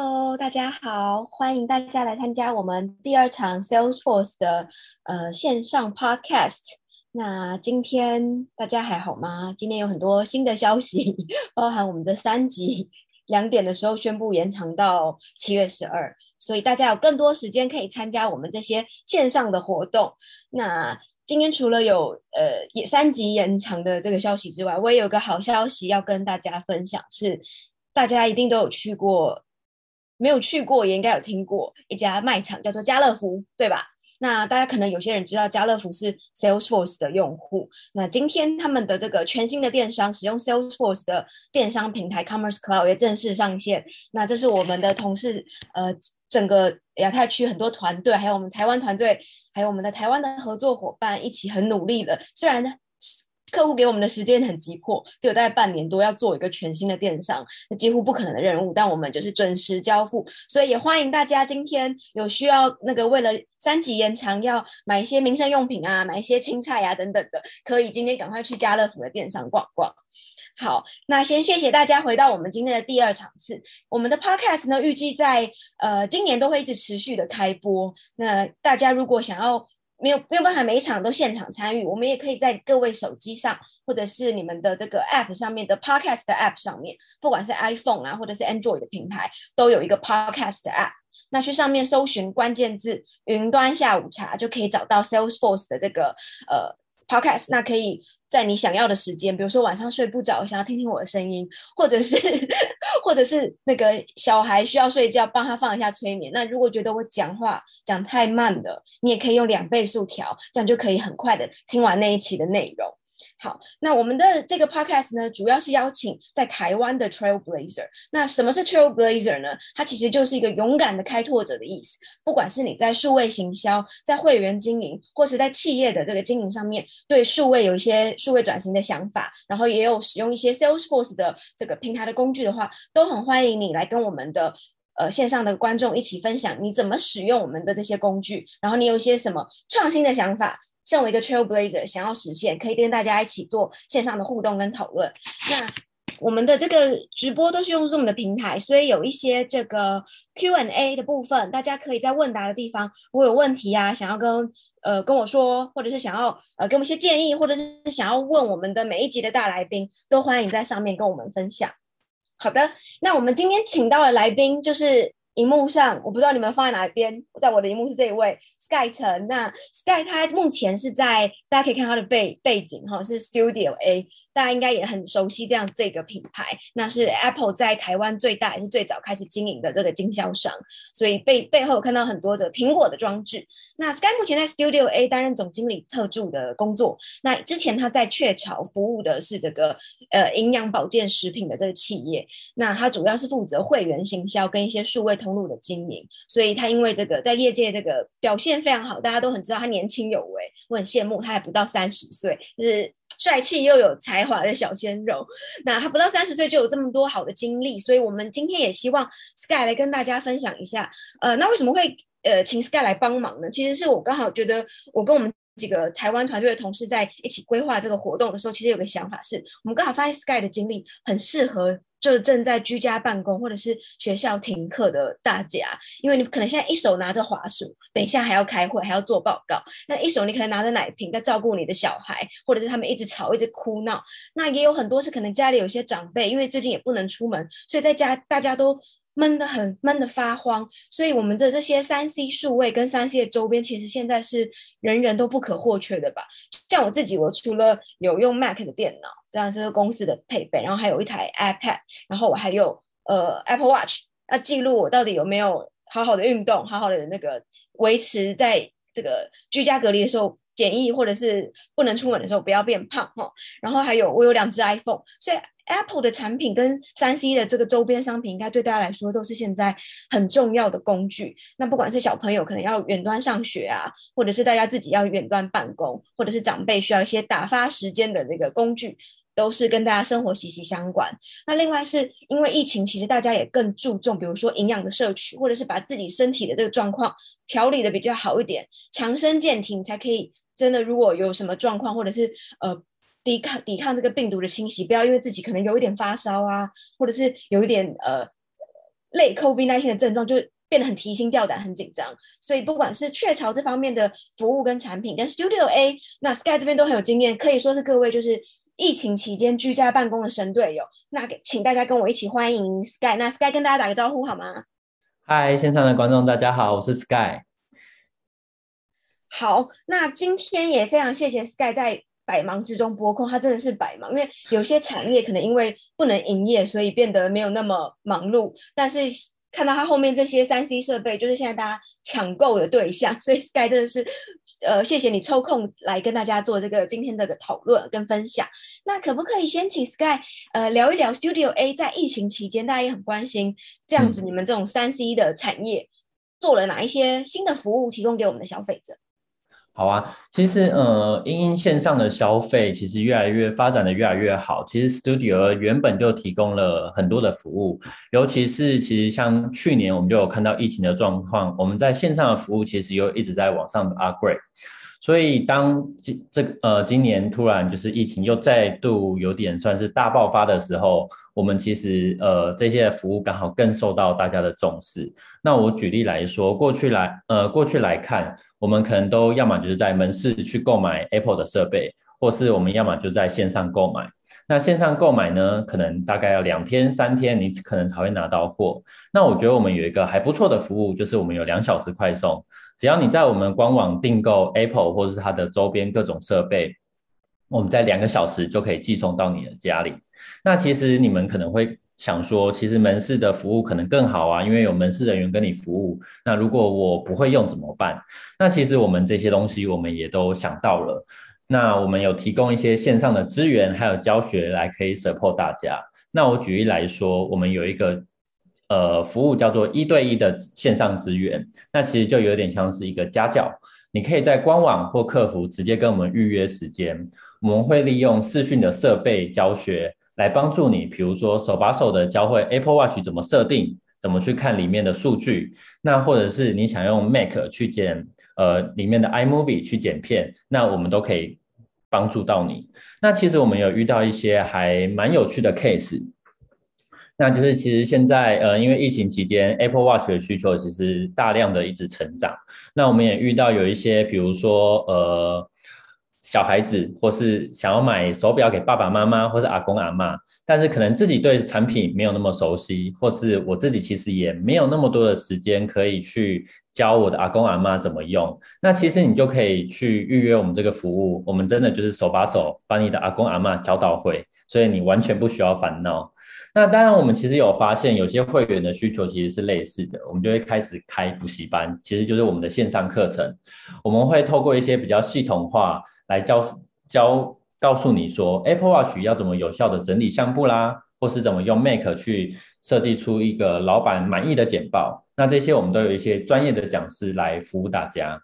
Hello，大家好，歡迎大家來參加我們第二場 Salesforce 的呃線上 Podcast。那今天大家還好嗎？今天有很多新的消息，包含我們的三級兩點的時候宣布延長到七月十二，所以大家有更多時間可以參加我們這些線上的活動。那今天除了有呃也三級延長的這個消息之外，我也有個好消息要跟大家分享，是大家一定都有去過。沒有去過也應該有聽過一家賣場叫做家樂福，對吧？那大家可能有些人知道家樂福是 Salesforce 的用戶。那今天他們的這個全新的電商使用 Salesforce 的電商平台 Commerce Cloud 也正式上線。那這是我們的同事，呃，整個亞太區很多團隊，還有我們台灣團隊，還有我們的台灣的合作夥伴一起很努力的。雖然呢。客戶給我們的時間很急迫，只有大概半年多要做一個全新的電商，那幾乎不可能的任務。但我們就是準時交付，所以也歡迎大家今天有需要那個為了三級延長要買一些民生用品啊，買一些青菜啊等等的，可以今天趕快去家樂福的電商逛逛。好，那先謝謝大家，回到我們今天的第二場次，我們的 Podcast 呢預計在呃今年都會一直持續的開播。那大家如果想要，沒有沒有辦法每一場都現場參與，我們也可以在各位手機上，或者是你們的這個 App 上面的 Podcast 的 App 上面，不管是 iPhone 啊，或者是 Android 的平台，都有一個 Podcast 的 App，那去上面搜尋關鍵字“雲端下午茶”，就可以找到 Salesforce 的這個呃 Podcast，那可以。在你想要的時間，比如說晚上睡不着，想要聽聽我的聲音，或者是，或者是那個小孩需要睡覺，幫他放一下催眠。那如果覺得我講話講太慢的，你也可以用兩倍速調，這樣就可以很快的聽完那一期的內容。好，那我們的這個 podcast 呢，主要是邀請在台灣的 Trailblazer。那什麼是 Trailblazer 呢？它其實就是一個勇敢的開拓者的意思。不管是你在數位行銷、在會員經營，或是在企業的這個經營上面，對數位有一些數位轉型的想法，然後也有使用一些 Salesforce 的這個平台的工具的話，都很歡迎你來跟我們的呃線上的觀眾一起分享，你怎麼使用我們的這些工具，然後你有一些什麼創新的想法。像我一個 trailblazer 想要實現，可以跟大家一起做線上的互動跟討論。那我們的這個直播都是用 Zoom 的平台，所以有一些這個 Q&A 的部分，大家可以在問答的地方，如果有問題啊，想要跟呃跟我說，或者是想要呃給我們一些建議，或者是想要問我們的每一集的大來賓，都歡迎在上面跟我們分享。好的，那我們今天請到的來賓就是。熒幕上我不知道你們放在哪一邊，在我，我的熒幕是這一位 Sky 陳，那 Sky 他目前是在，大家可以看他的背背景哈、哦，是 Studio A，大家應該也很熟悉這樣這個品牌，那是 Apple 在台灣最大也是最早開始經營的這個經銷商，所以背背後有看到很多的蘋果的裝置。那 Sky 目前在 Studio A 擔任總經理特助的工作，那之前他在雀巢服務的是這個呃營養保健食品的這個企業，那他主要是負責會員行銷跟一些數位投。公路的經營，所以他因為這個在業界這個表現非常好，大家都很知道他年輕有為，我很羨慕他，還不到三十歲，就是帥氣又有才華的小鮮肉。那他不到三十歲就有這麼多好的經歷，所以我們今天也希望 Sky 來跟大家分享一下。呃，那為什麼會呃請 Sky 來幫忙呢？其實是我剛好覺得，我跟我們幾個台灣團隊的同事在一起規劃這個活動的時候，其實有個想法是，我們剛好發現 Sky 的經歷很適合。就是正在居家辦公或者是學校停課的大家，因為你可能現在一手拿着滑鼠，等一下還要開會，還要做報告，那一手你可能拿着奶瓶在照顧你的小孩，或者是他們一直吵一直哭鬧。那也有很多是可能家裡有些長輩，因為最近也不能出門，所以在家大家都悶得很，悶得發慌。所以我們的這些三 C 數位跟三 C 的周邊，其實現在是人人都不可或缺的吧。像我自己，我除了有用 Mac 的電腦。這樣是公司的配備，然後還有一台 iPad，然後我還有呃 Apple Watch，要記錄我到底有沒有好好的運動，好好的那個維持在這個居家隔離的時候，檢疫，或者是不能出門的時候不要變胖哈、哦。然後還有我有兩隻 iPhone，所以 Apple 的產品跟三 C 的這個周邊商品，應該對大家來說都是現在很重要的工具。那不管是小朋友可能要遠端上學啊，或者是大家自己要遠端辦公，或者是長輩需要一些打發時間的那個工具。都是跟大家生活息息相關。那另外是因為疫情，其實大家也更注重，比如說營養的攝取，或者是把自己身體的這個狀況調理的比較好一點，強身健體你才可以真的。如果有什麼狀況，或者是呃抵抗抵抗這個病毒的侵襲，不要因為自己可能有一點發燒啊，或者是有一點呃累 COVID nineteen 的症狀，就變得很提心吊膽、很緊張。所以不管是雀巢這方面的服務跟產品，但 Studio A 那 Sky 這邊都很有經驗，可以說是各位就是。疫情期間居家辦公的神隊友，那請大家跟我一起歡迎 Sky。那 Sky 跟大家打個招呼好嗎？嗨，現場的觀眾大家好，我是 Sky。好，那今天也非常謝謝 Sky 在百忙之中撥空，他真的是百忙，因為有些產業可能因為不能營業，所以變得沒有那麼忙碌。但是看到他後面這些 3C 設備，就是現在大家搶購的對象，所以 Sky 真的是。呃，謝謝你抽空來跟大家做這個今天這個討論跟分享。那可不可以先請 Sky 呃聊一聊 Studio A 在疫情期間，大家也很關心這樣子，你們這種 3C 的產業、嗯、做了哪一些新的服務提供給我們的消費者？好啊，其實呃，因因線上的消費其實越來越發展的越來越好。其實 Studio 原本就提供了很多的服務，尤其是其實像去年我們就有看到疫情的狀況，我們在線上的服務其實又一直在往上的 upgrade。所以當今這呃今年突然就是疫情又再度有點算是大爆發的時候，我們其實呃這些服務剛好更受到大家的重視。那我舉例來說，過去來呃過去來看，我們可能都要麼就是在門市去購買 Apple 的設備，或是我們要麼就在線上購買。那線上購買呢，可能大概要兩天三天，你可能才會拿到貨。那我覺得我們有一個還不錯的服務，就是我們有兩小時快送。只要你在我們官網訂購 Apple 或是它的周邊各種設備，我們在兩個小時就可以寄送到你的家裡。那其實你們可能會想說，其實門市的服務可能更好啊，因為有門市人員跟你服務。那如果我不會用怎麼辦？那其實我們這些東西我們也都想到了。那我們有提供一些線上的資源還有教學，來可以 support 大家。那我舉例來說，我們有一個。呃，服務叫做一對一的線上資源，那其實就有點像是一個家教。你可以在官網或客服直接跟我們預約時間，我們會利用視訊的設備教學來幫助你，比如說手把手的教會 Apple Watch 怎麼設定，怎麼去看裡面的數據。那或者是你想用 Mac 去剪，呃，裡面的 iMovie 去剪片，那我們都可以幫助到你。那其實我們有遇到一些還蠻有趣的 case。那就是其實現在，呃，因為疫情期間，Apple Watch 的需求其實大量的一直成長。那我們也遇到有一些，比如說，呃，小孩子或是想要買手錶給爸爸媽媽或是阿公阿嬤，但是可能自己對產品沒有那麼熟悉，或是我自己其實也沒有那麼多的時間可以去教我的阿公阿嬤怎麼用。那其實你就可以去預約我們這個服務，我們真的就是手把手把你的阿公阿嬤教到會，所以你完全不需要煩惱。那當然，我們其實有發現，有些會員的需求其實是類似的，我們就會開始開補習班，其實就是我們的線上課程。我們會透過一些比較系統化來教教告訴你說，Apple Watch 要怎麼有效的整理項目啦，或是怎麼用 Mac 去設計出一個老板滿意的簡報。那這些我們都有一些專業的講師來服務大家。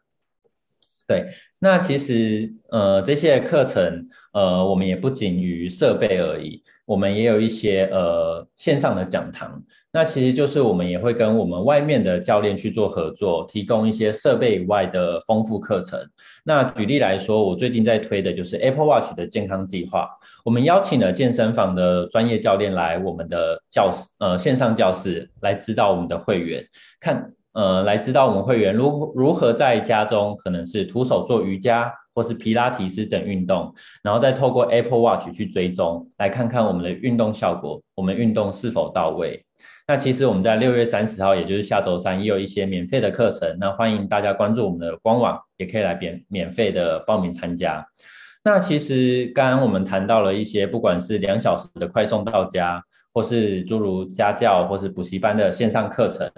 對，那其實呃這些課程呃我們也不僅於設備而已。我們也有一些呃線上的講堂，那其實就是我們也會跟我們外面的教練去做合作，提供一些設備以外的豐富課程。那舉例來說，我最近在推的就是 Apple Watch 的健康計劃，我們邀請了健身房的專業教練來我們的教室，呃線上教室來指導我們的會員看，呃，來指導我們會員如如何在家中可能是徒手做瑜伽或是皮拉提斯等運動，然後再透過 Apple Watch 去追蹤，來看看我們的運動效果，我們運動是否到位。那其實我們在六月三十號，也就是下週三，也有一些免費的課程，那歡迎大家關注我們的官網，也可以來免免費的報名參加。那其實剛剛我們談到了一些，不管是兩小時的快送到家，或是諸如家教或是補習班的線上課程。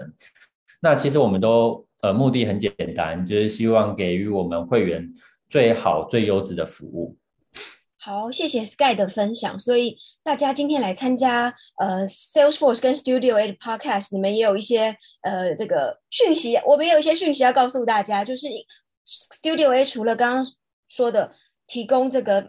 那其實我們都呃目的很簡單，就是希望給予我們會員最好最優質的服務。好，謝謝 Sky 的分享。所以大家今天來參加呃 Salesforce 跟 Studio A 的 Podcast，你們也有一些呃這個訊息，我們也有一些訊息要告訴大家，就是 Studio A 除了剛剛說的提供這個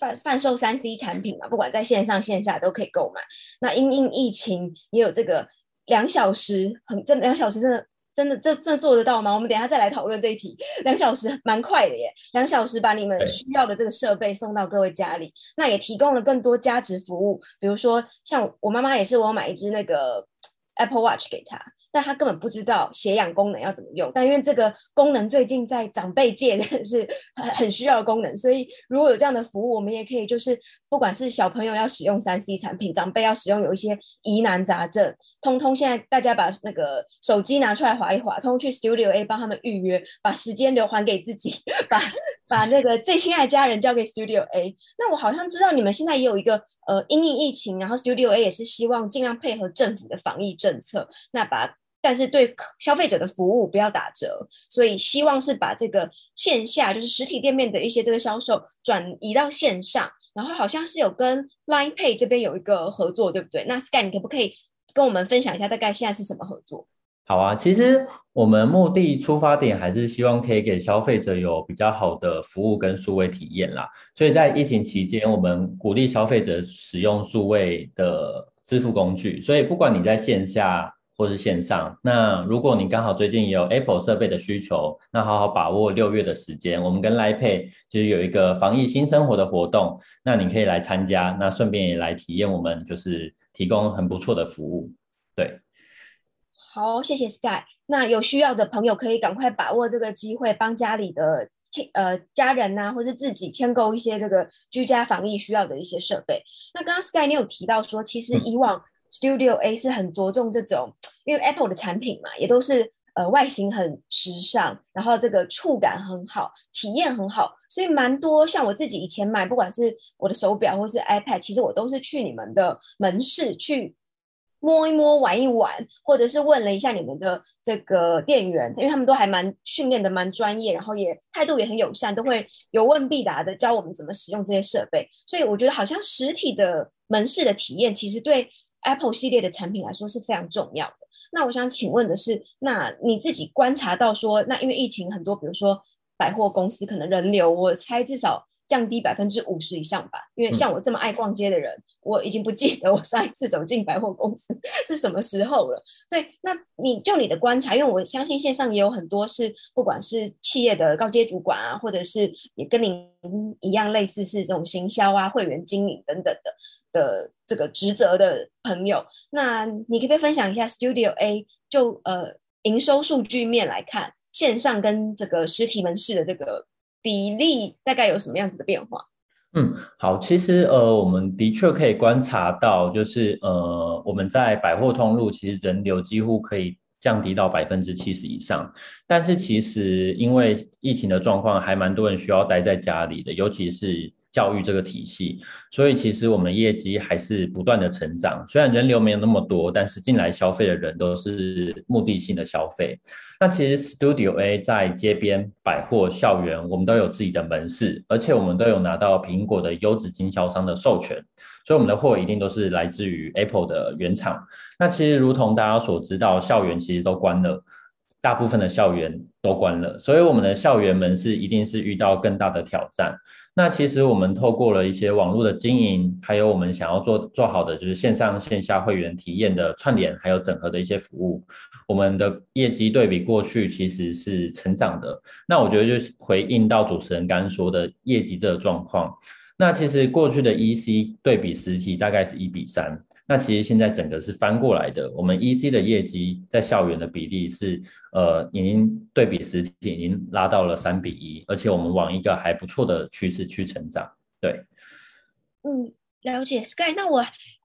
販販售 3C 產品嘛，不管在線上線下都可以購買。那因應疫情也有這個。兩小時，很真的，兩小時真的，真的，這這做得到嗎？我們等一下再來討論這一題。兩小時蠻快的耶，兩小時把你們需要的這個設備送到各位家裡，那也提供了更多加值服務，比如說像我媽媽也是，我買一支那個 Apple Watch 給她。但他根本不知道血氧功能要怎麼用，但因為這個功能最近在長輩界是很很需要的功能，所以如果有這樣的服務，我們也可以就是不管是小朋友要使用三 C 產品，長輩要使用有一些疑難雜症，通通現在大家把那個手機拿出來滑一滑，通通去 Studio A 幫他們預約，把時間留還給自己，把把那個最親愛的家人交給 Studio A。那我好像知道你們現在也有一個呃，因應疫情，然後 Studio A 也是希望盡量配合政府的防疫政策，那把。但是對消費者的服務不要打折，所以希望是把這個線下就是實體店面的一些這個銷售轉移到線上，然後好像是有跟 Line Pay 這邊有一個合作，對不對？那 Sky 你可不可以跟我們分享一下大概現在是什麼合作？好啊，其實我們目的出發點還是希望可以給消費者有比較好的服務跟數位體驗啦，所以在疫情期間，我們鼓勵消費者使用數位的支付工具，所以不管你在線下。或是線上，那如果你剛好最近也有 Apple 設備的需求，那好好把握六月的時間，我們跟 LINE Pay 就是有一個防疫新生活的活動，那你可以來參加，那順便也來體驗我們就是提供很不錯的服務。對，好，謝謝 Sky。那有需要的朋友可以趕快把握這個機會，幫家裡的親呃家人吶、啊，或是自己添購一些這個居家防疫需要的一些設備。那剛剛 Sky 你有提到說，其實以往、嗯。Studio A 是很着重這種，因為 Apple 的產品嘛，也都是呃外形很時尚，然後這個觸感很好，體驗很好，所以蠻多像我自己以前買，不管是我的手表或是 iPad，其實我都是去你們的門市去摸一摸、玩一玩，或者是問了一下你們的這個店員，因為他們都還蠻訓練的蠻專業，然後也態度也很友善，都會有問必答的教我們怎麼使用這些設備，所以我覺得好像實體的門市的體驗其實對。Apple 系列的產品來說是非常重要的。那我想請問的是，那你自己觀察到說，那因為疫情很多，比如說百貨公司可能人流，我猜至少降低百分之五十以上吧。因為像我這麼愛逛街的人，我已經不記得我上一次走進百貨公司是什麼時候了。對，那你就你的觀察，因為我相信線上也有很多是，不管是企業的高階主管啊，或者是也跟您一樣類似是這種行銷啊、會員經營等等的。的這個職責的朋友，那你可不可以分享一下 Studio A 就呃營收數據面來看，線上跟這個實體門市的這個比例大概有什麼樣子的變化？嗯，好，其實呃，我們的確可以觀察到，就是呃，我們在百貨通路其實人流幾乎可以降低到百分之七十以上，但是其實因為疫情的狀況，還蠻多人需要待在家裡的，尤其是。教育這個體系，所以其實我們業績還是不斷的成長。雖然人流沒有那麼多，但是進來消費的人都是目的性的消費。那其實 Studio A 在街邊、百貨、校園，我們都有自己的門市，而且我們都有拿到蘋果的優質經銷商的授權，所以我們的貨一定都是來自於 Apple 的原廠。那其實，如同大家所知道，校園其實都關了。大部分的校園都關了，所以我們的校園門市一定是遇到更大的挑戰。那其實我們透過了一些網絡的經營，還有我們想要做做好的就是線上線下會員體驗的串聯，還有整合的一些服務，我們的業績對比過去其實是成長的。那我覺得就是回應到主持人剛剛說的業績這個狀況。那其實過去的 EC 對比實體大概是一比三。那其實現在整個是翻過來的，我們 E C 的業績在校園的比例是，呃，已經對比實體已經拉到了三比一，而且我們往一個還不錯的趨勢去成長。對，嗯，了解 Sky，那我，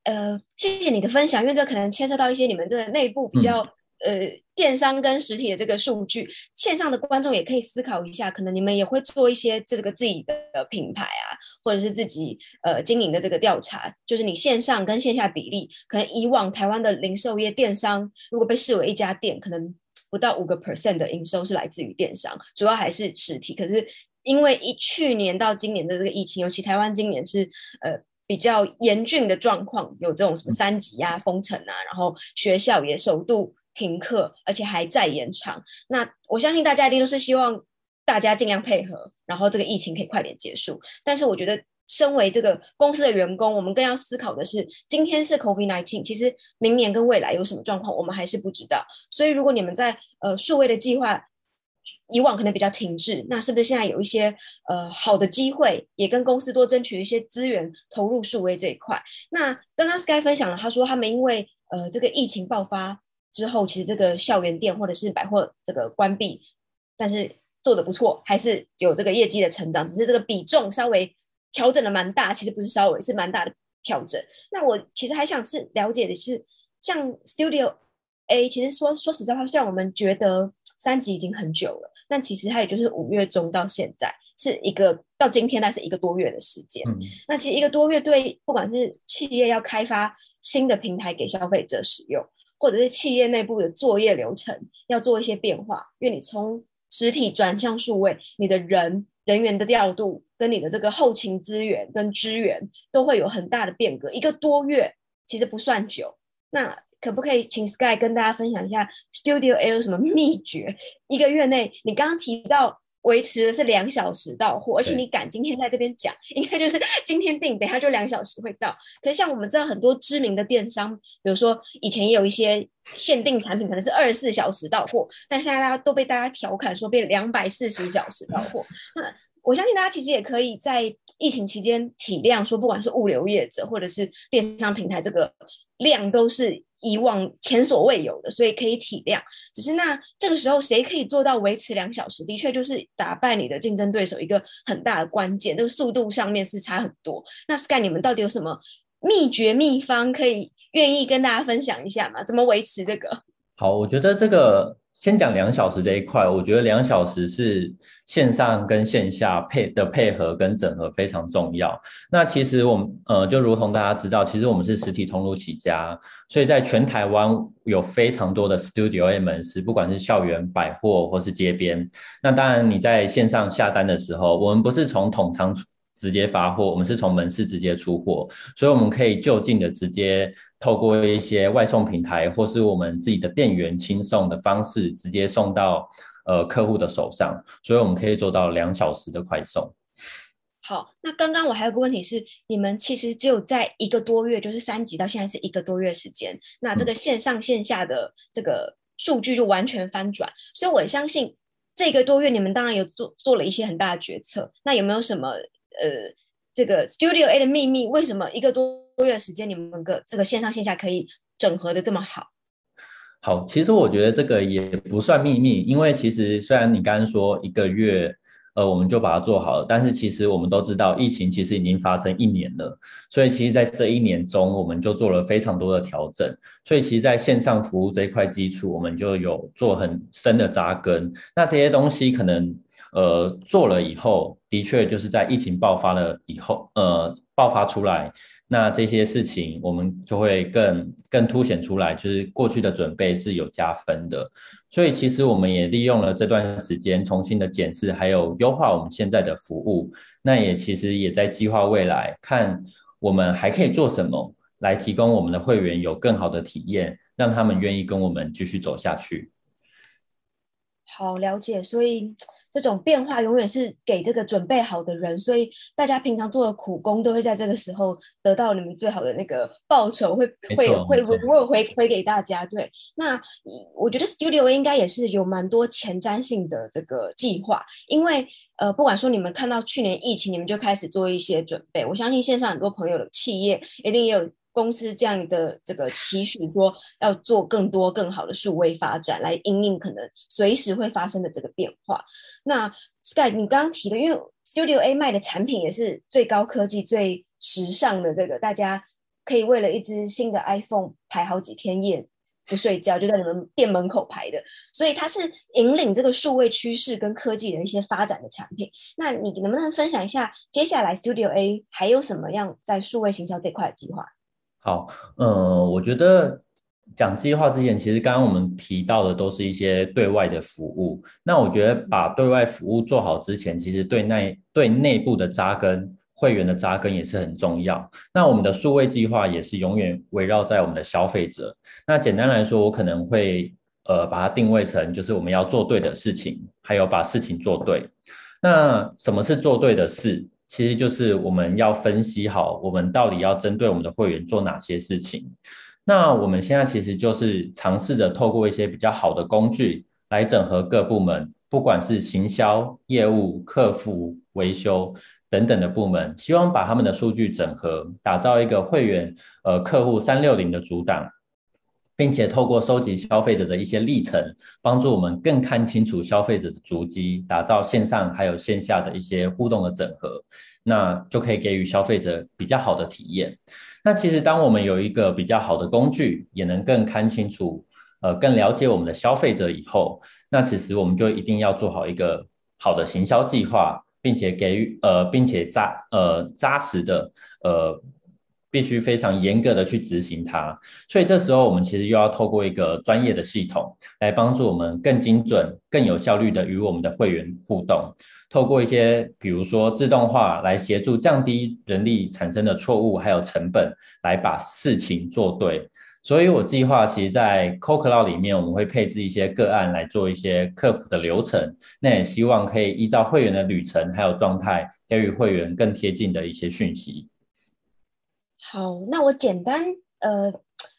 呃，謝謝你的分享，因為這可能牽涉到一些你們的內部比較。嗯。呃，電商跟實體的這個數據，線上的觀眾也可以思考一下，可能你們也會做一些這個自己的品牌啊，或者是自己呃經營的這個調查，就是你線上跟線下比例，可能以往台灣的零售業電商如果被視為一家店，可能不到五個 percent 的營收是來自於電商，主要還是實體。可是因為一去年到今年的這個疫情，尤其台灣今年是呃比較嚴峻的狀況，有這種什麼三級呀、啊、封城啊，然後學校也首度。停課，而且還在延長。那我相信大家一定都是希望大家盡量配合，然後這個疫情可以快點結束。但是我覺得，身為這個公司的員工，我們更要思考的是：今天是 COVID-19，其實明年跟未來有什麼狀況，我們還是不知道。所以，如果你們在呃數位的計劃以往可能比較停滯，那是不是現在有一些呃好的機會，也跟公司多爭取一些資源，投入數位這一塊？那剛剛 Sky 分享了，他說他們因為呃這個疫情爆發。之後，其實這個校園店或者是百貨這個關閉，但是做得不錯，還是有這個業績的成長。只是這個比重稍微調整的蠻大，其實不是稍微，是蠻大的調整。那我其實還想是了解的是，像 Studio A，其實說說實在話，像我們覺得三級已經很久了，但其實它也就是五月中到現在是一個到今天，那是一個多月的時間。嗯，那其實一個多月對，對不管是企業要開發新的平台給消費者使用。或者是企業內部的作業流程要做一些變化，因為你從實體轉向數位，你的人人員的調度跟你的這個後勤資源跟支援都會有很大的變革。一個多月其實不算久，那可不可以請 Sky 跟大家分享一下 STUDIO A 什麼秘訣？一個月內，你剛剛提到。維持的是兩小時到貨，而且你敢今天在這邊講，對應該就是今天訂，等下就兩小時會到。可是像我們知道很多知名的電商，比如說以前也有一些限定產品，可能是二十四小時到貨，但現在大家都被大家調侃說變兩百四十小時到貨。對那我相信大家其實也可以在疫情期間體諒說，不管是物流業者或者是電商平台，這個量都是。以往前所未有的，所以可以體諒。只是那這個時候，誰可以做到維持兩小時？的確，就是打敗你的競爭對手一個很大的關鍵。那、這個速度上面是差很多。那 Sky，你們到底有什麼祕訣、秘方可以願意跟大家分享一下嗎？怎麼維持這個？好，我覺得這個。先講兩小時這一塊，我覺得兩小時是線上跟線下配的配合跟整合非常重要。那其實我們呃，就如同大家知道，其實我們是實體通路起家，所以在全台灣有非常多的 Studio A 門市，不管是校園、百貨或是街邊。那當然，你在線上下單的時候，我們不是從統倉直接發貨，我們是從門市直接出貨，所以我們可以就近的直接。透過一些外送平台，或是我們自己的店員親送的方式，直接送到呃客戶的手上，所以我們可以做到兩小時的快送。好，那剛剛我還有個問題是，你們其實只有在一個多月，就是三級到現在是一個多月時間，那這個線上線下的這個數據就完全翻轉，所以我相信這個多月你們當然有做做了一些很大的決策。那有沒有什麼呃，這個 Studio A 的秘密？為什麼一個多？多月時間，你們個這個線上線下可以整合的這麼好？好，其實我覺得這個也不算秘密，因為其實雖然你剛剛說一個月，呃，我們就把它做好了，但是其實我們都知道，疫情其實已經發生一年了，所以其實，在這一年中，我們就做了非常多的調整，所以其實在線上服務這一塊基礎，我們就有做很深的紮根。那這些東西可能，呃，做了以後，的確就是在疫情爆發了以後，呃，爆發出來。那這些事情，我們就會更更凸顯出來，就是過去的準備是有加分的，所以其實我們也利用了這段時間，重新的檢視，還有優化我們現在的服務。那也其實也在計劃未來，看我們還可以做什麼，來提供我們的會員有更好的體驗，讓他們願意跟我們繼續走下去。好，了解，所以這種變化永遠是給這個準備好的人，所以大家平常做的苦工都會在這個時候得到你們最好的那個報酬，會，沒錯，會會會回饋給大家。對，對，那我覺得 Studio 應該也是有蠻多前瞻性的這個計劃，因為呃，不管說你們看到去年疫情，你們就開始做一些準備，我相信線上很多朋友的企業一定也有公司這樣的這個期許，說要做更多更好的數位發展，來因應可能隨時會發生的這個變化。那 Sky，你剛剛提的，因為 Studio A 賣的產品也是最高科技、最時尚的這個，大家可以為了一支新的 iPhone 排好幾天夜不睡覺，就在你們店門口排的，所以它是引領這個數位趨勢跟科技的一些發展的產品。那你能不能分享一下，接下來 Studio A 還有什麼樣在數位行銷這塊的計劃？好，呃，我覺得講計劃之前，其實剛剛我們提到的都是一些對外的服務。那我覺得把對外服務做好之前，其實對內對內部的紮根、會員的紮根也是很重要。那我們的數位計劃也是永遠圍繞在我們的消費者。那簡單來說，我可能會呃把它定位成就是我們要做對的事情，還有把事情做對。那什麼是做對的事？其實就是我們要分析好，我們到底要針對我們的會員做哪些事情。那我們現在其實就是嘗試着透過一些比較好的工具來整合各部門，不管是行銷、業務、客服、維修等等的部門，希望把他們的數據整合，打造一個會員呃客戶三六零的主檔。並且透過收集消費者的一些歷程，幫助我們更看清楚消費者的足跡，打造線上還有線下的一些互動的整合，那就可以給予消費者比較好的體驗。那其實當我們有一個比較好的工具，也能更看清楚，呃，更了解我們的消費者以後，那其實我們就一定要做好一個好的行銷計劃，並且給予呃，並且紮呃紮實的呃。必須非常嚴格的去執行它，所以這時候我們其實又要透過一個專業的系統來幫助我們更精準、更有效率的與我們的會員互動，透過一些比如說自動化來協助降低人力產生的錯誤還有成本，來把事情做對。所以我計劃其實，在 CoCloud 裡面我們會配置一些個案來做一些客服的流程，那也希望可以依照會員的旅程還有狀態，給予會員更貼近的一些訊息。好，那我簡單呃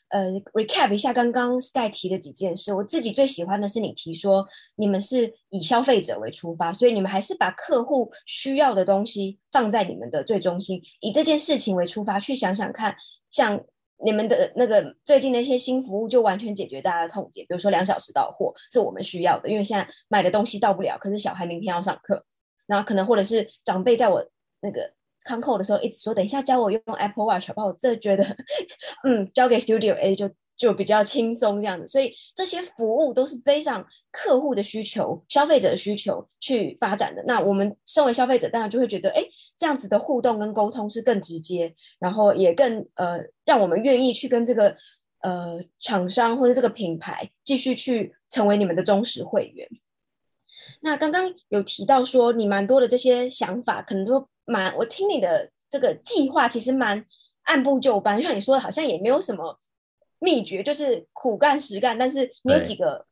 呃 recap 一下剛剛 Sky 提的幾件事。我自己最喜歡的是你提說，你們是以消費者為出發，所以你們還是把客戶需要的東西放在你們的最中心。以這件事情為出發去想想看，像你們的那個最近那些新服務，就完全解決大家的痛點。比如說兩小時到貨是我們需要的，因為現在買的東西到不了，可是小孩明天要上課，然後可能或者是長輩在我那個。康扣的時候一直說，等一下教我用 Apple Watch，好不好？我真的覺得，嗯，交給 Studio A 就就比較輕鬆這樣子。所以這些服務都是背上客戶的需求、消費者的需求去發展的。那我們身為消費者，當然就會覺得，哎，這樣子的互動跟溝通是更直接，然後也更呃，讓我們願意去跟這個呃廠商或者這個品牌繼續去成為你們的忠實會員。那剛剛有提到說，你蠻多的這些想法，可能都蠻。我聽你的這個計劃其實蠻按部就班，就像你說的，好像也沒有什麼祕訣，就是苦幹實幹。但是你有幾個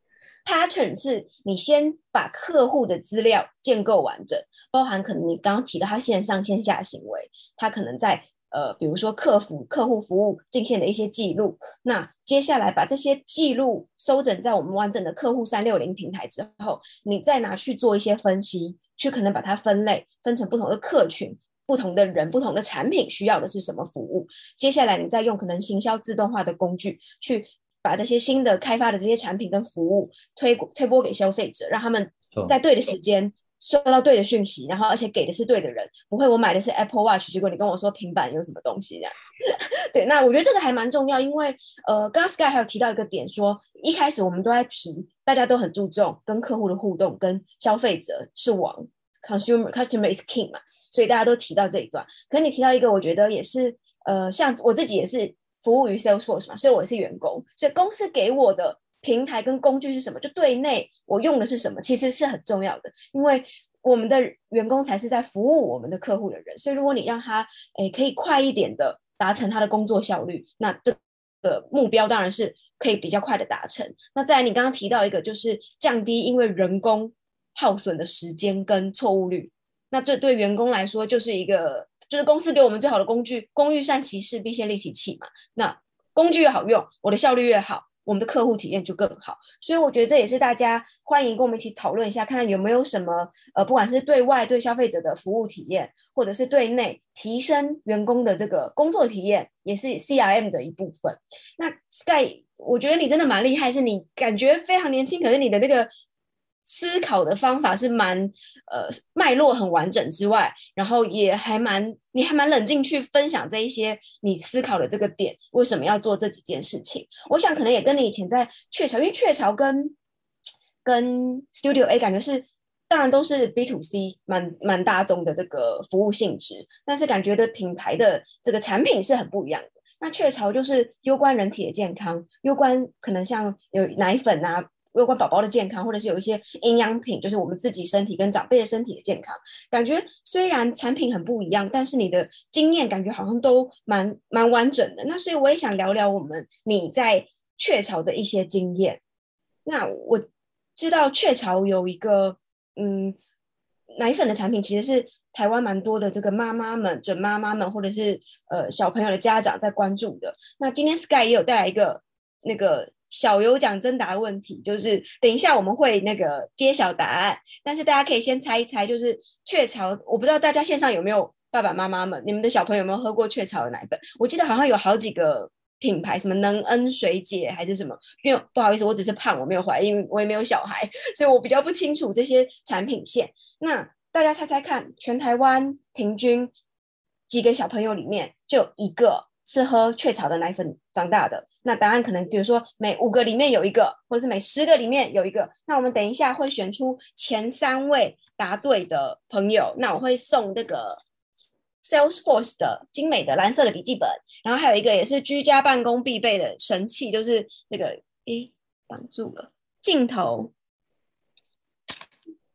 pattern 是你先把客戶的資料建構完整，包含可能你剛剛提到他線上線下行為，他可能在。呃，比如說客服、客戶服務進線的一些記錄，那接下來把這些記錄收整在我們完整的客戶三六零平台之後，你再拿去做一些分析，去可能把它分類，分成不同的客群、不同的人、不同的產品需要的是什麼服務。接下來你再用可能行銷自動化的工具，去把這些新的開發的這些產品跟服務推推播給消費者，讓他們在對的時間。哦收到對的訊息，然後而且給的是對的人，不會我買的是 Apple Watch，結果你跟我說平板有什麼東西這樣，對，那我覺得這個還蠻重要，因為呃，剛剛 Sky 還有提到一個點說，說一開始我們都在提，大家都很注重跟客戶的互動，跟消費者是王，consumer customer is king 嘛，所以大家都提到這一段。可你提到一個，我覺得也是，呃，像我自己也是服務於 Salesforce 嘛，所以我也是員工，所以公司給我的。平台跟工具是什麼？就對內我用的是什麼，其實是很重要的，因為我們的員工才是在服務我們的客戶的人，所以如果你讓他誒、哎、可以快一點的達成他的工作效率，那這個目標當然是可以比較快的達成。那再來你剛剛提到一個，就是降低因為人工耗損的時間跟錯誤率，那這對員工來說就是一個，就是公司給我們最好的工具。工欲善其事，必先利其器嘛。那工具越好用，我的效率越好，我們的客戶體驗就更好，所以我覺得這也是大家歡迎跟我們一起討論一下，看看有沒有什麼呃，不管是對外對消費者的服務體驗，或者是對內提升員工的這個工作體驗，也是 CRM 的一部分。那 Sky，我覺得你真的蠻厲害，是你感覺非常年輕，可是你的那個。思考的方法是蠻呃脈絡很完整之外，然後也還蠻你還蠻冷靜去分享這一些你思考的這個點，為什麼要做這幾件事情？我想可能也跟你以前在雀巢，因為雀巢跟跟 Studio A 感覺是當然都是 B to C 蠻蠻大眾的這個服務性質，但是感覺的品牌的這個產品是很不一樣的。那雀巢就是攸關人體的健康，攸關可能像有奶粉啊。有關寶寶的健康，或者是有一些營養品，就是我們自己身體跟長輩的身體的健康，感覺雖然產品很不一樣，但是你的經驗感覺好像都蠻蠻完整的。那所以我也想聊聊我們你在雀巢的一些經驗。那我知道雀巢有一個嗯奶粉的產品，其實是台灣蠻多的這個媽媽們、準媽媽們，或者是呃小朋友的家長在關注的。那今天 Sky 也有帶來一個那個，小有獎競答的問題，就是等一下我們會那個揭曉答案，但是大家可以先猜一猜，就是雀巢，我不知道大家線上有沒有爸爸媽媽們，你們的小朋友有沒有喝過雀巢的奶粉？我記得好像有好幾個品牌，什麼能恩水解還是什麼？因為不好意思，我只是胖，我沒有懷孕，我也沒有小孩，所以我比較不清楚這些產品線。那大家猜猜看，全台灣平均幾個小朋友裡面就一個？是喝雀巢的奶粉長大的，那答案可能比如說每五個裡面有一個，或者是每十個裡面有一個。那我們等一下會選出前三位答對的朋友，那我會送這個 Salesforce 的精美的藍色的筆記本，然後還有一個也是居家辦公必備的神器，就是那個誒擋住了鏡頭，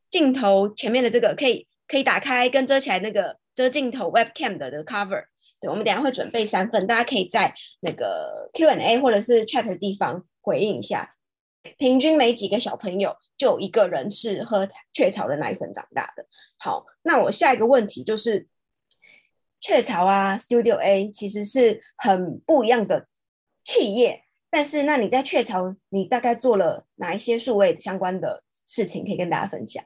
鏡頭前面的這個可以可以打開跟遮起來那個遮鏡頭 webcam 的的 cover。我們等下會準備三份，大家可以在那個 Q&A 或者是 chat 的地方回應一下。平均每幾個小朋友就有一個人是喝雀巢的奶粉長大的。好，那我下一個問題就是，雀巢啊，Studio A 其實是很不一樣的企業，但是那你在雀巢，你大概做了哪一些數位相關的事情，可以跟大家分享？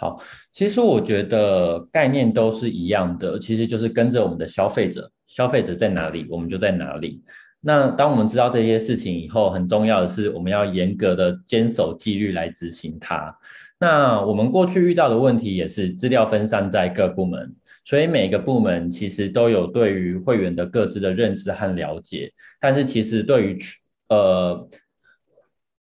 好，其實我覺得概念都是一樣的，其實就是跟着我們的消費者，消費者在哪裡，我們就在哪裡。那當我們知道這些事情以後，很重要的是我們要嚴格的堅守紀律來執行它。那我們過去遇到的問題也是資料分散在各部門，所以每個部門其實都有對於會員的各自的認知和了解，但是其實對於，呃，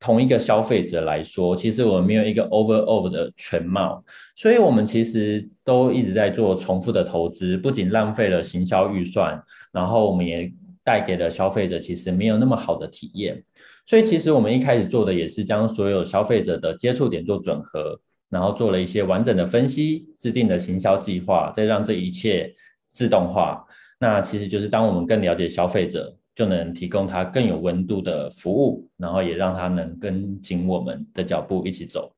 同一個消費者來說，其實我們沒有一個 over over 的全貌，所以我們其實都一直在做重複的投資，不僅浪費了行銷預算，然後我們也帶給了消費者其實沒有那麼好的體驗。所以其實我們一開始做的也是將所有消費者的接觸點做整合，然後做了一些完整的分析，制定的行銷計劃，再讓這一切自動化。那其實就是當我們更了解消費者。就能提供他更有溫度的服務，然後也讓他能跟緊我們的腳步一起走。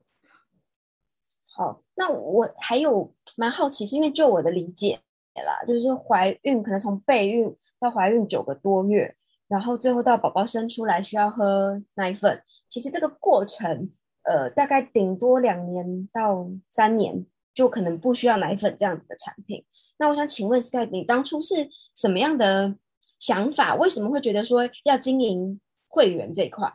好，那我還有蠻好奇，是因為就我的理解啦，就是說懷孕可能從備孕到懷孕九個多月，然後最後到寶寶生出來需要喝奶粉，其實這個過程，呃，大概頂多兩年到三年就可能不需要奶粉這樣子的產品。那我想請問 Sky，你當初是什麼樣的？想法，為什麼會覺得說要經營會員這一塊？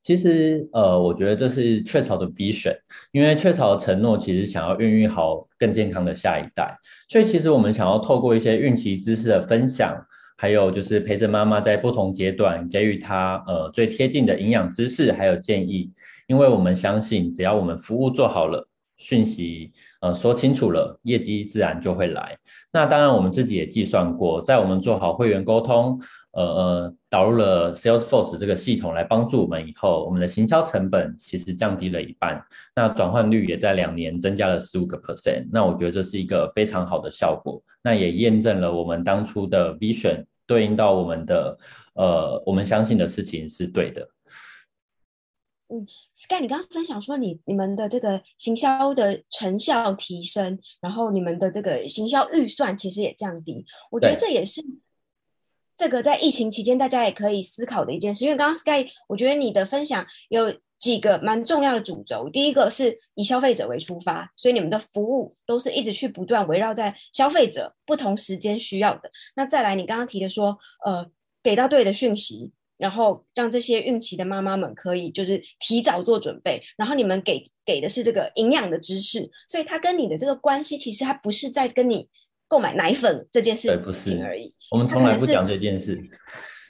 其實，呃，我覺得這是雀巢的 vision，因為雀巢的承諾其實想要孕育好更健康的下一代，所以其實我們想要透過一些孕期知識的分享，還有就是陪着媽媽在不同階段給予她，呃，最貼近的營養知識還有建議，因為我們相信只要我們服務做好了。訊息，呃，說清楚了，業績自然就會來。那當然，我們自己也計算過，在我們做好會員溝通，呃呃，導入了 Salesforce 這個系統來幫助我們以後，我們的行銷成本其實降低了一半，那轉換率也在兩年增加了十五個 percent。那我覺得這是一個非常好的效果，那也驗證了我們當初的 vision 對應到我們的，呃，我們相信的事情是對的。嗯，Sky，你剛剛分享說你你們的這個行銷的成效提升，然後你們的這個行銷預算其實也降低，我覺得這也是這個在疫情期間大家也可以思考的一件事。對因為剛剛 Sky，我覺得你的分享有幾個蠻重要的主軸，第一個是以消費者為出發，所以你們的服務都是一直去不斷圍繞在消費者不同時間需要的。那再來，你剛剛提的說，呃，給到對的訊息。然後讓這些孕期的媽媽們可以就是提早做準備，然後你們給給的是這個營養的知識，所以他跟你的這個關係其實他不是在跟你購買奶粉這件事情而已。不是，我們從來不講這件事。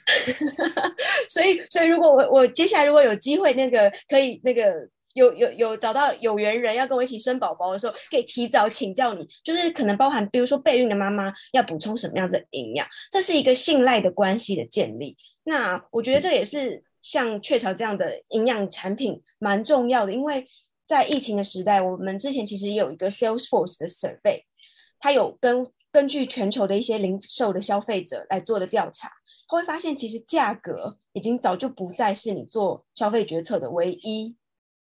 所以，所以如果我我接下來如果有機會，那個可以那個。有有有找到有緣人要跟我一起生寶寶的時候，可以提早請教你，就是可能包含比如說備孕的媽媽要補充什麼樣的營養，這是一個信賴的關係的建立。那我覺得這也是像雀巢這樣的營養產品蠻重要的，因為在疫情的時代，我們之前其實也有一個 Salesforce 的 Survey，它有跟根據全球的一些零售的消費者來做的調查，它會發現其實價格已經早就不再是你做消費決策的唯一。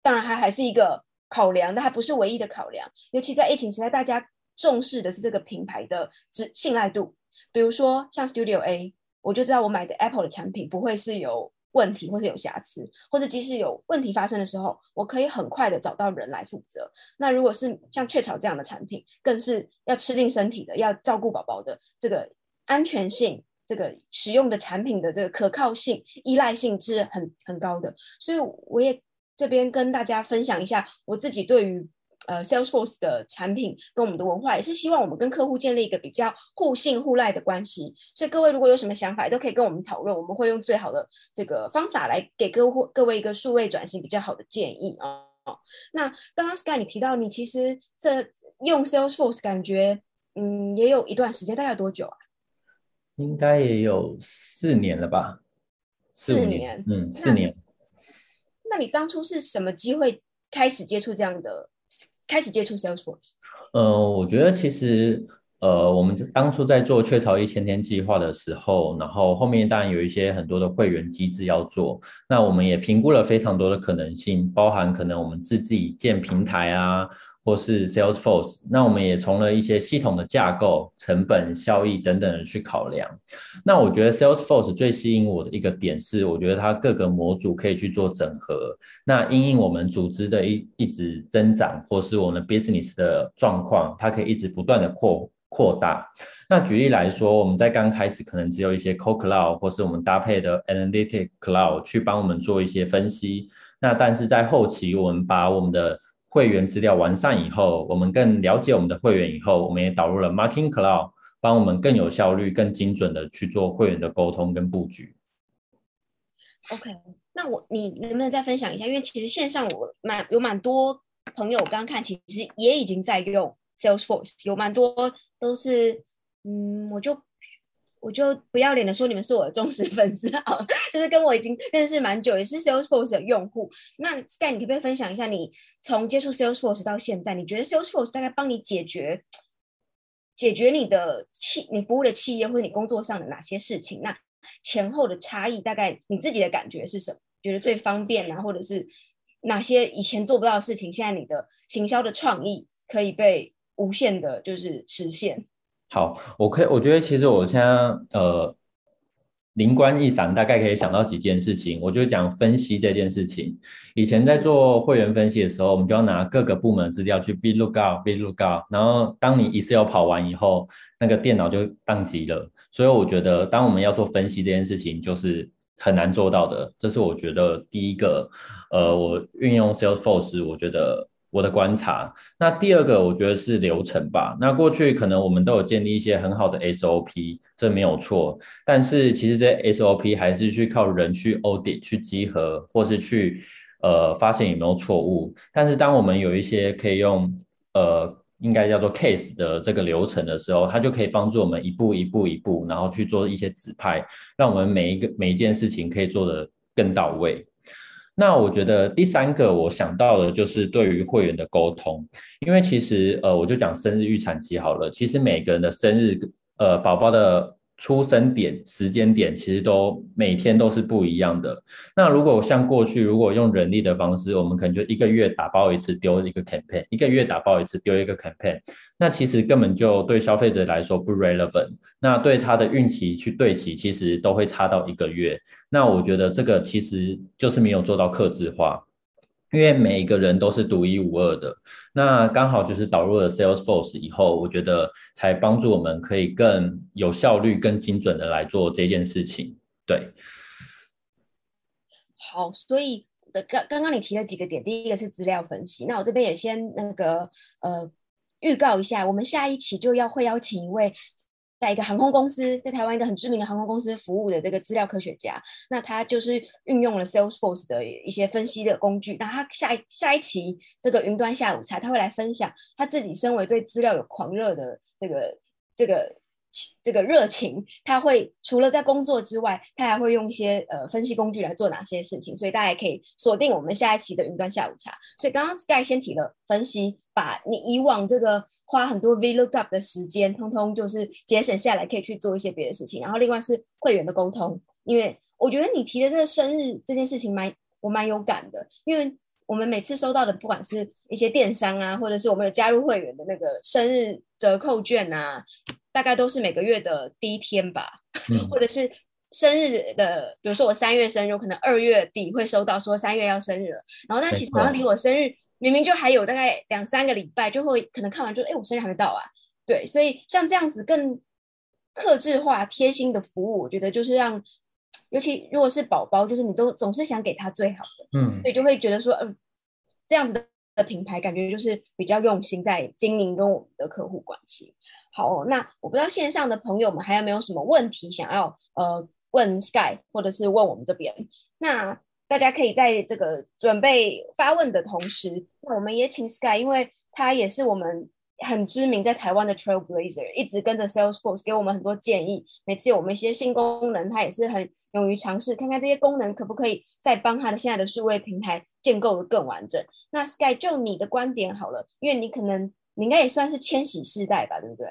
當然，它還是一個考量，但它不是唯一的考量。尤其在疫情時代，大家重視的是這個品牌的信信賴度。比如說，像 Studio A，我就知道我買的 Apple 的產品不會是有問題或是有瑕疵，或者即使有問題發生的時候，我可以很快的找到人來負責。那如果是像雀巢這樣的產品，更是要吃進身體的，要照顧寶寶的這個安全性、這個使用的產品的這個可靠性、依賴性是很很高的。所以，我也。這邊跟大家分享一下我自己對於呃 Salesforce 的產品跟我們的文化，也是希望我們跟客戶建立一個比較互信互賴的關係。所以各位如果有什麼想法，都可以跟我們討論，我們會用最好的這個方法來給各各位一個數位轉型比較好的建議哦。那剛剛 Sky 你提到你其實這用 Salesforce 感覺嗯也有一段時間，大概多久啊？應該也有四年了吧？四五年？嗯，那，四年。那你當初是什麼機會開始接觸這樣的，開始接觸銷售？呃，我覺得其實呃，我們當初在做雀巢一千天計劃的時候，然後後面當然有一些很多的會員機制要做，那我們也評估了非常多的可能性，包含可能我們自己建平台啊。或是 Salesforce，那我們也從了一些系統的架構、成本、效益等等的去考量。那我覺得 Salesforce 最吸引我的一個點是，我覺得它各個模組可以去做整合。那因應我們組織的一一直增長，或是我們 business 的狀況，它可以一直不斷的擴擴大。那舉例來說，我們在剛開始可能只有一些 co cloud 或是我們搭配的 analytic cloud 去幫我們做一些分析。那但是在後期，我們把我們的會員資料完善以後，我們更了解我們的會員以後，我們也導入了 Marketing Cloud，幫我們更有效率、更精準的去做會員的溝通跟布局。OK，那我你能不能再分享一下？因為其實線上我蠻有蠻多朋友，剛剛看其實也已經在用 Salesforce，有蠻多都是，嗯，我就。我就不要臉的說你們是我的忠實粉絲好、啊，就是跟我已經認識蠻久，也是 Salesforce 的用戶。那 Sky，你可不可以分享一下，你從接觸 Salesforce 到現在，你覺得 Salesforce 大概幫你解決解決你的企、你服務的企業或者你工作上的哪些事情？那前後的差異，大概你自己的感覺是什麼？覺得最方便、啊、或者是哪些以前做不到的事情，現在你的行銷的創意可以被無限的，就是實現。好，我可以，我覺得其實我現在呃，靈光一閃，大概可以想到幾件事情。我就講分析這件事情。以前在做會員分析的時候，我們就要拿各個部門的資料去 VLOOKUP，VLOOKUP。然後當你一次要跑完以後，那個電腦就宕機了。所以我覺得，當我們要做分析這件事情，就是很難做到的。這是我覺得第一個。呃，我運用 Salesforce，我覺得。我的觀察，那第二個我覺得是流程吧。那過去可能我們都有建立一些很好的 SOP，這沒有錯。但是其實這 SOP 還是去靠人去 audit、去稽核，或是去呃發現有沒有錯誤。但是當我們有一些可以用呃應該叫做 case 的這個流程的時候，它就可以幫助我們一步一步一步，然後去做一些指派，讓我們每一個每一件事情可以做得更到位。那我覺得第三個我想到的就是對於會員的溝通，因為其實呃，我就講生日預產期好了，其實每個人的生日呃寶寶的出生點、時間點其實都每天都是不一樣的。那如果像過去，如果用人力的方式，我們可能就一個月打包一次丟一個 campaign，一個月打包一次丟一個 campaign，那其實根本就對消費者來說不 relevant。那對他的孕期去對齊，其實都會差到一個月。那我覺得這個其實就是沒有做到客製化。因為每一個人都是獨一無二的，那剛好就是導入了 Salesforce 以後，我覺得才幫助我們可以更有效率、更精準的來做這件事情。對，好，所以剛剛剛你提了幾個點，第一個是資料分析，那我這邊也先那個呃預告一下，我們下一期就要會邀請一位。在一個航空公司，在台灣一個很知名的航空公司服務的這個資料科學家，那他就是運用了 Salesforce 的一些分析的工具。那他下一下一期這個雲端下午茶，他會來分享他自己身為對資料有狂熱的這個這個。這個熱情，他會除了在工作之外，他還會用一些呃分析工具來做哪些事情？所以大家可以鎖定我們下一期的雲端下午茶。所以剛剛 Sky 先提了分析，把你以往這個花很多 VLOOKUP 的時間，通通就是節省下來，可以去做一些別的事情。然後另外是會員的溝通，因為我覺得你提的這個生日這件事情蠻我蠻有感的，因為我們每次收到的，不管是一些電商啊，或者是我們有加入會員的那個生日折扣券啊。大概都是每個月的第一天吧，或者是生日的，比如說我三月生日，可能二月底會收到說三月要生日了。然後，但其實好像離我生日明明就還有大概兩三個禮拜，就會可能看完就哎，我生日還沒到啊。對，所以像這樣子更客製化、貼心的服務，我覺得就是讓，尤其如果是寶寶，就是你都總是想給他最好的，嗯，所以就會覺得說，嗯，這樣子的品牌感覺就是比較用心在經營跟我們的客戶關係。好，那我不知道線上的朋友們還有沒有什麼問題想要呃問 Sky 或者是問我們這邊，那大家可以在這個準備發問的同時，那我們也請 Sky，因為他也是我們很知名在台灣的 Trailblazer，一直跟着 Salesforce 給我們很多建議，每次有我們一些新功能，他也是很勇於嘗試，看看這些功能可不可以再幫他的現在的數位平台建構得更完整。那 Sky 就你的觀點好了，因為你可能。你應該也算是千禧世代吧，對不對？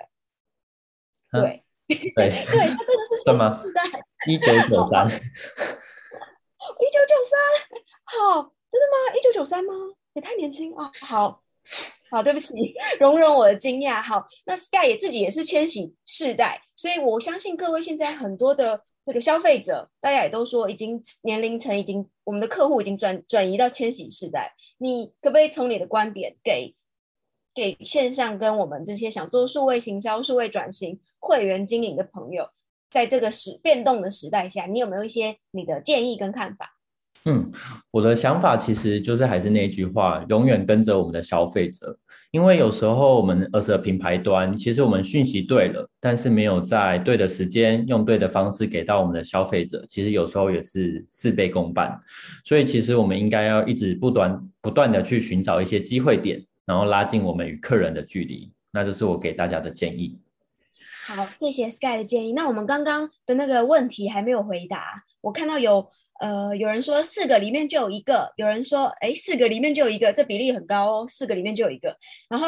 嗯、對，對， 對他真的是千禧世代？一九九三，一九九三，1993 1993，好，真的嗎？一九九三嗎？也太年輕啊、哦！好，好，對不起，容忍我的驚訝。好，那 Sky 也自己也是千禧世代，所以我相信各位現在很多的這個消費者，大家也都說已經年齡層已經，我們的客戶已經轉轉移到千禧世代。你可不可以從你的觀點給？給線上跟我們這些想做數位行銷、數位轉型、會員經營的朋友，在這個時變動的時代下，你有沒有一些你的建議跟看法？嗯，我的想法其實就是還是那句話，永遠跟着我們的消費者。因為有時候我們而是品牌端，其實我們訊息對了，但是沒有在對的時間用對的方式給到我們的消費者，其實有時候也是事倍功半。所以其實我們應該要一直不斷不斷的去尋找一些機會點。然後拉近我們與客人的距離，那就是我給大家的建議。好，謝謝 Sky 的建議。那我們剛剛的那個問題還沒有回答，我看到有呃有人說四個裡面就有一個，有人說哎四個裡面就有一個，這比例很高哦，四個裡面就有一個。然後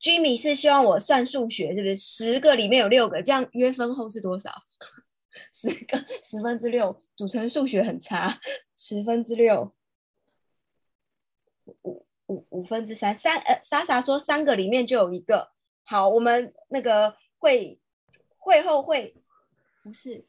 Jimmy 是希望我算數學，對不對？十個裡面有六個，這樣約分後是多少？十個十分之六，組成數學很差，十分之六。五五分之三三，呃莎莎說三個裡面就有一個。好，我們那個會會後會不是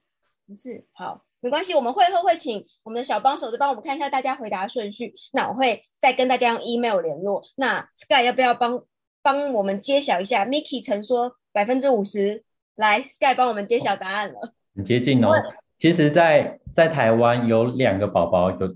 不是，好沒關係，我們會後會請我們的小幫手再幫我們看一下大家回答順序。那我會再跟大家用 email 聯絡。那 Sky 要不要幫幫我們揭曉一下？Miki 曾說百分之五十，來 Sky 幫我們揭曉答案了。很接近哦，其實在，在在台灣有兩個寶寶就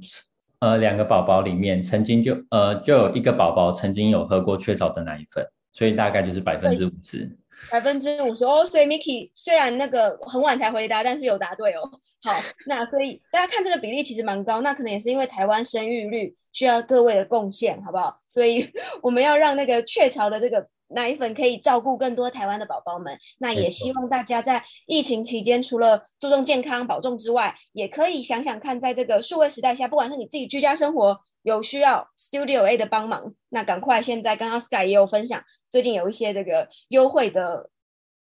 呃，兩個寶寶裡面，曾經就呃，就有一個寶寶曾經有喝過雀巢的奶粉。所以大概就是百分之五十，百分之五十哦。所以 Mickey 雖然那個很晚才回答，但是有答對哦。好，那所以大家看這個比例其實蠻高，那可能也是因為台灣生育率需要各位的貢獻，好不好？所以我們要讓那個雀巢的這個奶粉可以照顧更多台灣的寶寶們。那也希望大家在疫情期間，除了注重健康保重之外，也可以想想看，在這個數位時代下，不管是你自己居家生活。有需要 Studio A 的幫忙，那趕快現在剛剛 Sky 也有分享，最近有一些這個優惠的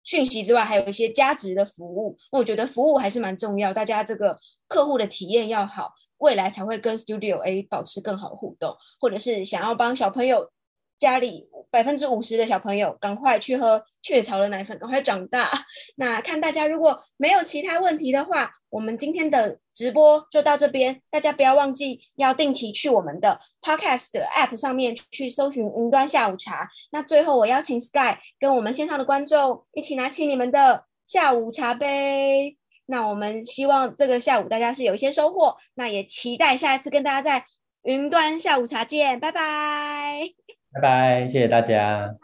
訊息之外，還有一些加值的服務。那我覺得服務還是蠻重要，大家這個客戶的體驗要好，未來才會跟 Studio A 保持更好的互動，或者是想要幫小朋友。家裡百分之五十的小朋友，趕快去喝雀巢的奶粉，趕快長大。那看大家如果沒有其他問題的話，我們今天的直播就到這邊。大家不要忘記要定期去我們的 Podcast App 上面去搜尋雲端下午茶。那最後我邀請 Sky 跟我們線上的觀眾一起拿起你們的下午茶杯。那我們希望這個下午大家是有一些收穫，那也期待下一次跟大家在雲端下午茶見，拜拜。拜拜，謝謝大家。